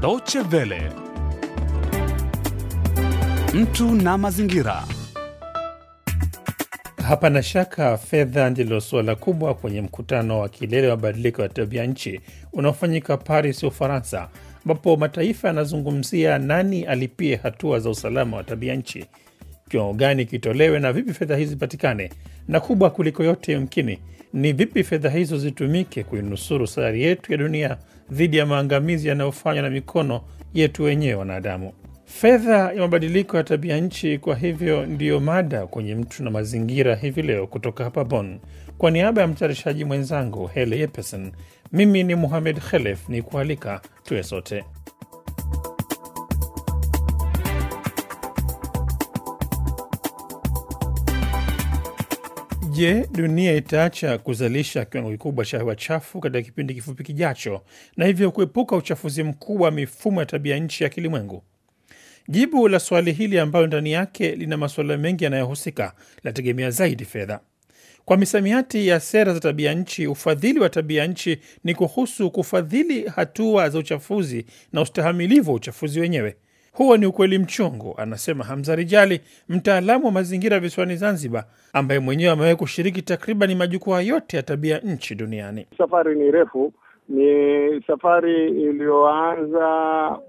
Deutsche Welle. Mtu na mazingira. Hapana shaka fedha ndilo suala kubwa kwenye mkutano wa kilele wa mabadiliko ya tabia nchi unaofanyika Paris, Ufaransa, ambapo mataifa yanazungumzia nani alipie hatua za usalama wa tabia nchi, kiwango gani kitolewe na vipi fedha hizi zipatikane na kubwa kuliko yote yumkini ni vipi fedha hizo zitumike kuinusuru sayari yetu ya dunia dhidi ya maangamizi yanayofanywa na mikono yetu wenyewe wanadamu. Fedha ya mabadiliko ya tabia nchi, kwa hivyo, ndiyo mada kwenye Mtu na Mazingira hivi leo kutoka hapa bon Kwa niaba ya mtayarishaji mwenzangu Hele Yepesen, mimi ni Muhamed Khelef ni kualika tuwe sote Je, dunia itaacha kuzalisha kiwango kikubwa cha hewa chafu katika kipindi kifupi kijacho na hivyo kuepuka uchafuzi mkubwa wa mifumo ya tabia nchi ya kilimwengu? Jibu la swali hili ambalo ndani yake lina masuala mengi yanayohusika linategemea zaidi fedha. Kwa misamiati ya sera za tabia nchi, ufadhili wa tabia nchi ni kuhusu kufadhili hatua za uchafuzi na ustahamilivu wa uchafuzi wenyewe. Huo ni ukweli mchungu, anasema Hamza Rijali, mtaalamu wa mazingira visiwani Zanzibar, ambaye mwenyewe amewahi kushiriki takriban majukwaa yote ya tabia nchi duniani. Safari ni refu, ni safari iliyoanza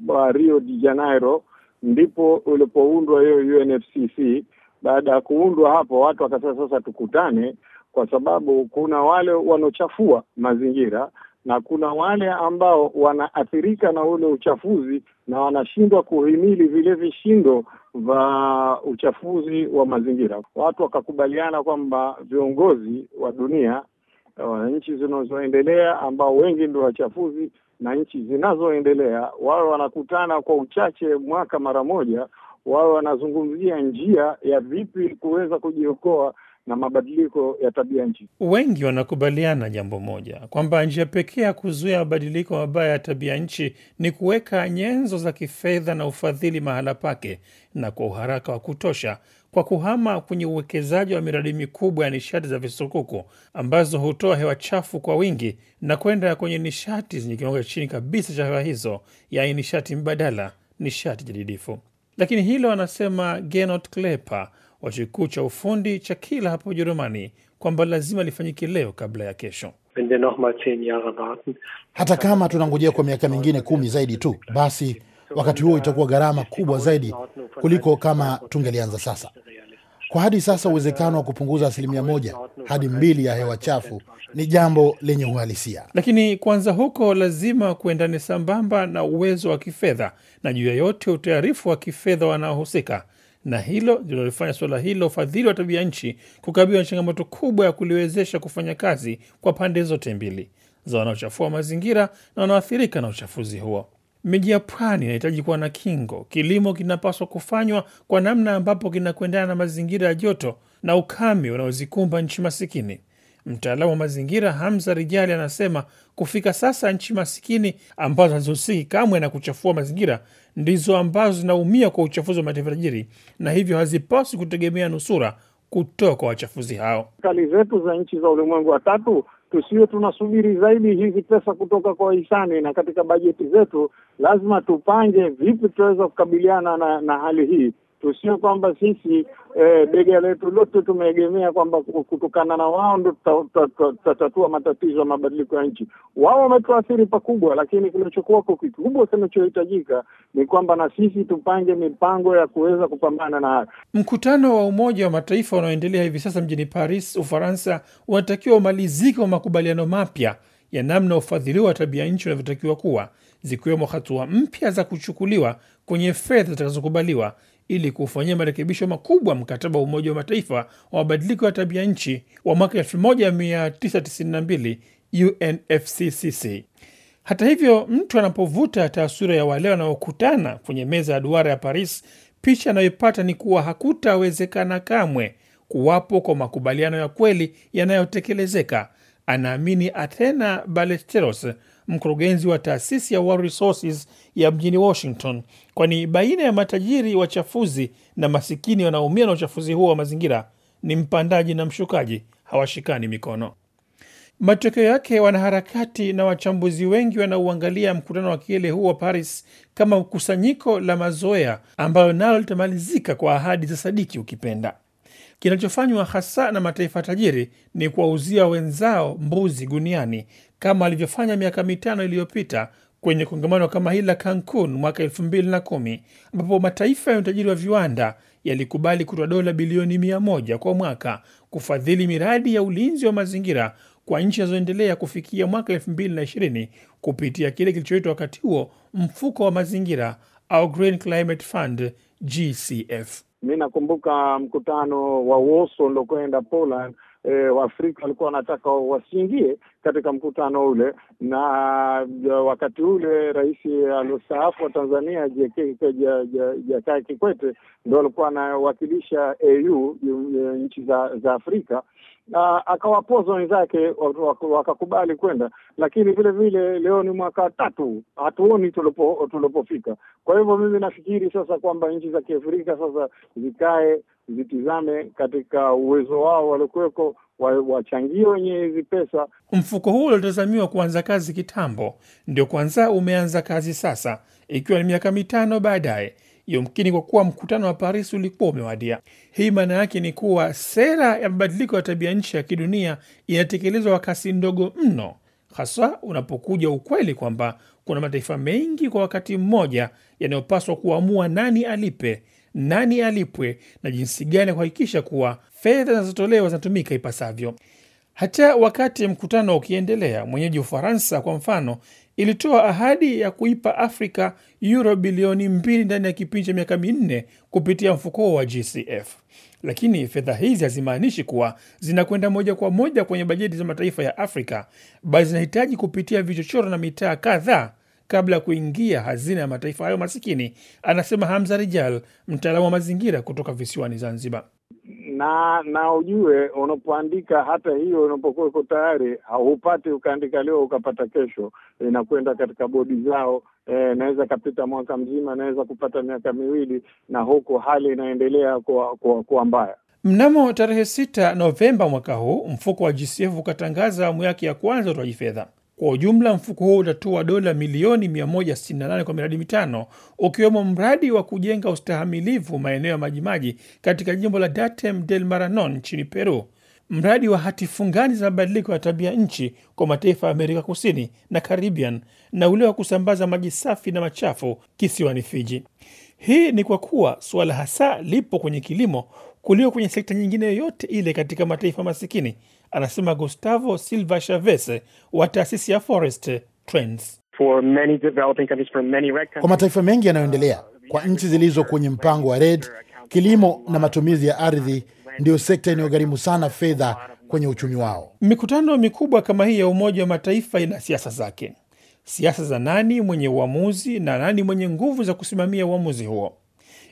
wa uh, Rio de Janeiro, ndipo ulipoundwa hiyo UNFCCC. Baada ya kuundwa hapo, watu wakasema sasa tukutane, kwa sababu kuna wale wanaochafua mazingira na kuna wale ambao wanaathirika na ule uchafuzi na wanashindwa kuhimili vile vishindo vya uchafuzi wa mazingira. Watu wakakubaliana kwamba viongozi wa dunia eh, wa nchi zinazoendelea ambao wengi ndio wachafuzi na nchi zinazoendelea wawe wanakutana kwa uchache mwaka mara moja, wawe wanazungumzia njia ya vipi kuweza kujiokoa na mabadiliko ya tabia nchi. Wengi wanakubaliana jambo moja kwamba njia pekee ya kuzuia mabadiliko mabaya ya tabia nchi ni kuweka nyenzo za kifedha na ufadhili mahala pake na kwa uharaka wa kutosha, kwa kuhama kwenye uwekezaji wa miradi mikubwa ya nishati za visukuku ambazo hutoa hewa chafu kwa wingi na kwenda kwenye nishati zenye kiwango cha chini kabisa cha hewa hizo, yaani nishati mbadala, nishati jadidifu. Lakini hilo anasema Genot Klepa wa chuo kikuu cha ufundi cha Kiel hapa Ujerumani kwamba lazima lifanyike leo kabla ya kesho. Hata kama tunangojea kwa miaka mingine kumi zaidi tu, basi wakati huo itakuwa gharama kubwa zaidi kuliko kama tungelianza sasa. Kwa hadi sasa, uwezekano wa kupunguza asilimia moja hadi mbili ya hewa chafu ni jambo lenye uhalisia, lakini kwanza huko lazima kuendane sambamba na uwezo wa kifedha na juu ya yote utayarifu wa kifedha wanaohusika na hilo linalofanya suala hilo ufadhili wa tabia nchi kukabiliwa na changamoto kubwa ya kuliwezesha kufanya kazi kwa pande zote mbili za wanaochafua mazingira na wanaoathirika na uchafuzi huo. Miji ya pwani inahitaji kuwa na kingo. Kilimo kinapaswa kufanywa kwa namna ambapo kinakuendana na mazingira ya joto na ukame unaozikumba nchi masikini mtaalamu wa mazingira hamza rijali anasema kufika sasa nchi masikini ambazo hazihusiki kamwe na kuchafua mazingira ndizo ambazo zinaumia kwa uchafuzi wa mataifa tajiri na hivyo hazipaswi kutegemea nusura kutoka kwa wachafuzi hao. Serikali zetu za nchi za ulimwengu wa tatu tusiwe tunasubiri zaidi hizi pesa kutoka kwa wahisani, na katika bajeti zetu lazima tupange vipi tunaweza kukabiliana na, na hali hii tusio kwamba sisi eh, bega letu lote tumeegemea kwamba kutokana na wao ndo tutatatua matatizo ya mabadiliko ya nchi. Wao wametuathiri pakubwa, lakini kinachokuwako kikubwa kinachohitajika ni kwamba na sisi tupange mipango ya kuweza kupambana na hayo. Mkutano wa Umoja wa Mataifa unaoendelea hivi sasa mjini Paris, Ufaransa, unatakiwa umalizike wa makubaliano mapya ya namna ufadhiliwa wa tabia nchi unavyotakiwa kuwa, zikiwemo hatua mpya za kuchukuliwa kwenye fedha zitakazokubaliwa ili kufanyia marekebisho makubwa mkataba wa Umoja wa Mataifa wa mabadiliko ya tabia nchi wa mwaka 1992 UNFCCC. Hata hivyo, mtu anapovuta taswira ya wale wanaokutana kwenye meza ya duara ya Paris, picha anayoipata ni kuwa hakutawezekana kamwe kuwapo kwa makubaliano ya kweli yanayotekelezeka, anaamini Athena balesteros mkurugenzi wa taasisi ya Resources ya mjini Washington, kwani baina ya matajiri wachafuzi na masikini wanaoumia na uchafuzi huo wa mazingira ni mpandaji na mshukaji, hawashikani mikono. Matokeo yake, wanaharakati na wachambuzi wengi wanauangalia mkutano wa kilele huo wa Paris kama kusanyiko la mazoea ambayo nalo litamalizika kwa ahadi za sadiki ukipenda. Kinachofanywa hasa na mataifa tajiri ni kuwauzia wenzao mbuzi guniani kama alivyofanya miaka mitano iliyopita kwenye kongamano kama hili la Cancun mwaka elfu mbili na kumi ambapo mataifa ya utajiri wa viwanda yalikubali kutoa dola bilioni mia moja kwa mwaka kufadhili miradi ya ulinzi wa mazingira kwa nchi zinazoendelea kufikia mwaka elfu mbili na ishirini kupitia kile kilichoitwa wakati huo mfuko wa mazingira au Green Climate Fund GCF mi nakumbuka mkutano wa Woso uliokwenda Poland, e, Waafrika walikuwa wanataka wasiingie, katika mkutano ule, na wakati ule rais aliostaafu wa Tanzania Jakaya Kikwete ndo alikuwa anawakilisha AU nchi za, za Afrika na akawapoza wenzake wakakubali kwenda, lakini vile vile leo ni mwaka tatu hatuoni tulipofika. Kwa hivyo mimi nafikiri sasa kwamba nchi za Kiafrika sasa zikae zitizame katika uwezo wao waliokuweko wachangie wa wenye hizi pesa. Mfuko huo uliotazamiwa kuanza kazi kitambo, ndio kwanza umeanza kazi sasa, ikiwa ni miaka mitano baadaye, yumkini kwa kuwa mkutano wa Paris ulikuwa umewadia. Hii maana yake ni kuwa sera ya mabadiliko ya tabia nchi ya kidunia inatekelezwa kwa kasi ndogo mno, haswa unapokuja ukweli kwamba kuna mataifa mengi kwa wakati mmoja yanayopaswa kuamua nani alipe nani alipwe na jinsi gani ya kuhakikisha kuwa fedha zinazotolewa zinatumika ipasavyo. Hata wakati mkutano ukiendelea, mwenyeji Ufaransa kwa mfano ilitoa ahadi ya kuipa Afrika euro bilioni mbili ndani ya kipindi cha miaka minne kupitia mfuko wa GCF, lakini fedha hizi hazimaanishi kuwa zinakwenda moja kwa moja kwenye bajeti za mataifa ya Afrika, bali zinahitaji kupitia vichochoro na mitaa kadhaa kabla ya kuingia hazina ya mataifa hayo masikini, anasema Hamza Rijal, mtaalamu wa mazingira kutoka visiwani Zanzibar. Na na ujue unapoandika hata hiyo unapokuwa iko tayari, haupati ukaandika leo ukapata kesho, inakwenda katika bodi zao. E, naweza kapita mwaka mzima, naweza kupata miaka miwili, na huku hali inaendelea kuwa, kuwa, kuwa mbaya. Mnamo tarehe sita Novemba mwaka huu mfuko wa GCF ukatangaza awamu yake ya kwanza utoaji fedha kwa ujumla, mfuko huo utatoa dola milioni 168 kwa miradi mitano, ukiwemo mradi wa kujenga ustahamilivu maeneo ya majimaji katika jimbo la Datem del Maranon nchini Peru, mradi wa hati fungani za mabadiliko ya tabia nchi kwa mataifa ya Amerika Kusini na Caribbean, na ule wa kusambaza maji safi na machafu kisiwani Fiji. Hii ni kwa kuwa suala hasa lipo kwenye kilimo, kuliko kwenye sekta nyingine yoyote ile katika mataifa masikini, anasema Gustavo Silva Chavez wa taasisi ya Forest Trends. For many developing countries, for many red countries, kwa mataifa mengi yanayoendelea, kwa nchi zilizo kwenye mpango wa RED, kilimo na matumizi ya ardhi ndiyo sekta inayogharimu sana fedha kwenye uchumi wao. Mikutano mikubwa kama hii ya Umoja wa Mataifa ina siasa zake, siasa za nani mwenye uamuzi na nani mwenye nguvu za kusimamia uamuzi huo.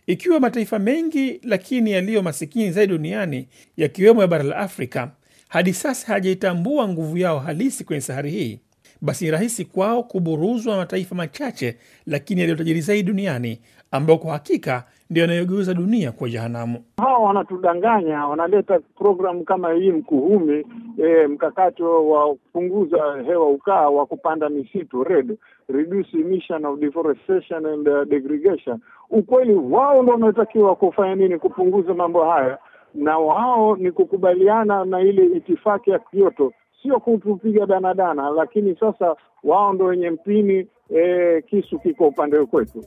Ikiwa mataifa mengi lakini yaliyo masikini zaidi duniani yakiwemo ya bara la Afrika hadi sasa hayajaitambua nguvu yao halisi kwenye sahari hii, basi ni rahisi kwao kuburuzwa mataifa machache lakini yaliyotajiri zaidi duniani, ambao kwa hakika ndio yanayogeuza dunia kuwa jehanamu. Hawa wanatudanganya, wanaleta programu kama hii Mkuhumi, e, mkakati wa kupunguza hewa ukaa wa kupanda misitu RED, reduce emission of deforestation and uh, degradation. Ukweli wao ndo wanaotakiwa kufanya nini? Kupunguza mambo haya, na wao ni kukubaliana na ile itifaki ya Kyoto, sio kutupiga danadana, lakini sasa wao ndo wenye mpini. E, kisu kiko upande kwetu.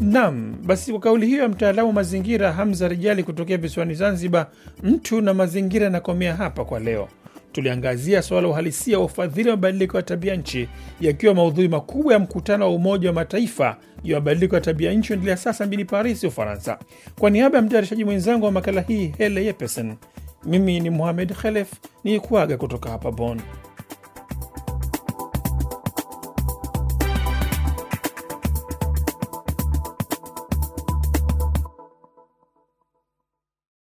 nam basi kwa kauli hiyo ya mtaalamu wa mazingira Hamza Rijali kutokea visiwani Zanzibar, mtu na mazingira yanakomea hapa kwa leo. Tuliangazia suala uhalisia wa ufadhili wa mabadiliko ya tabia nchi, yakiwa maudhui makubwa ya mkutano wa Umoja wa Mataifa juu ya mabadiliko ya tabia nchi endelea sasa mjini Paris, Ufaransa. Kwa niaba ya mtayarishaji mwenzangu wa makala hii Hele Yepesen, mimi ni Muhamed Khelef ni kuaga kutoka hapa bon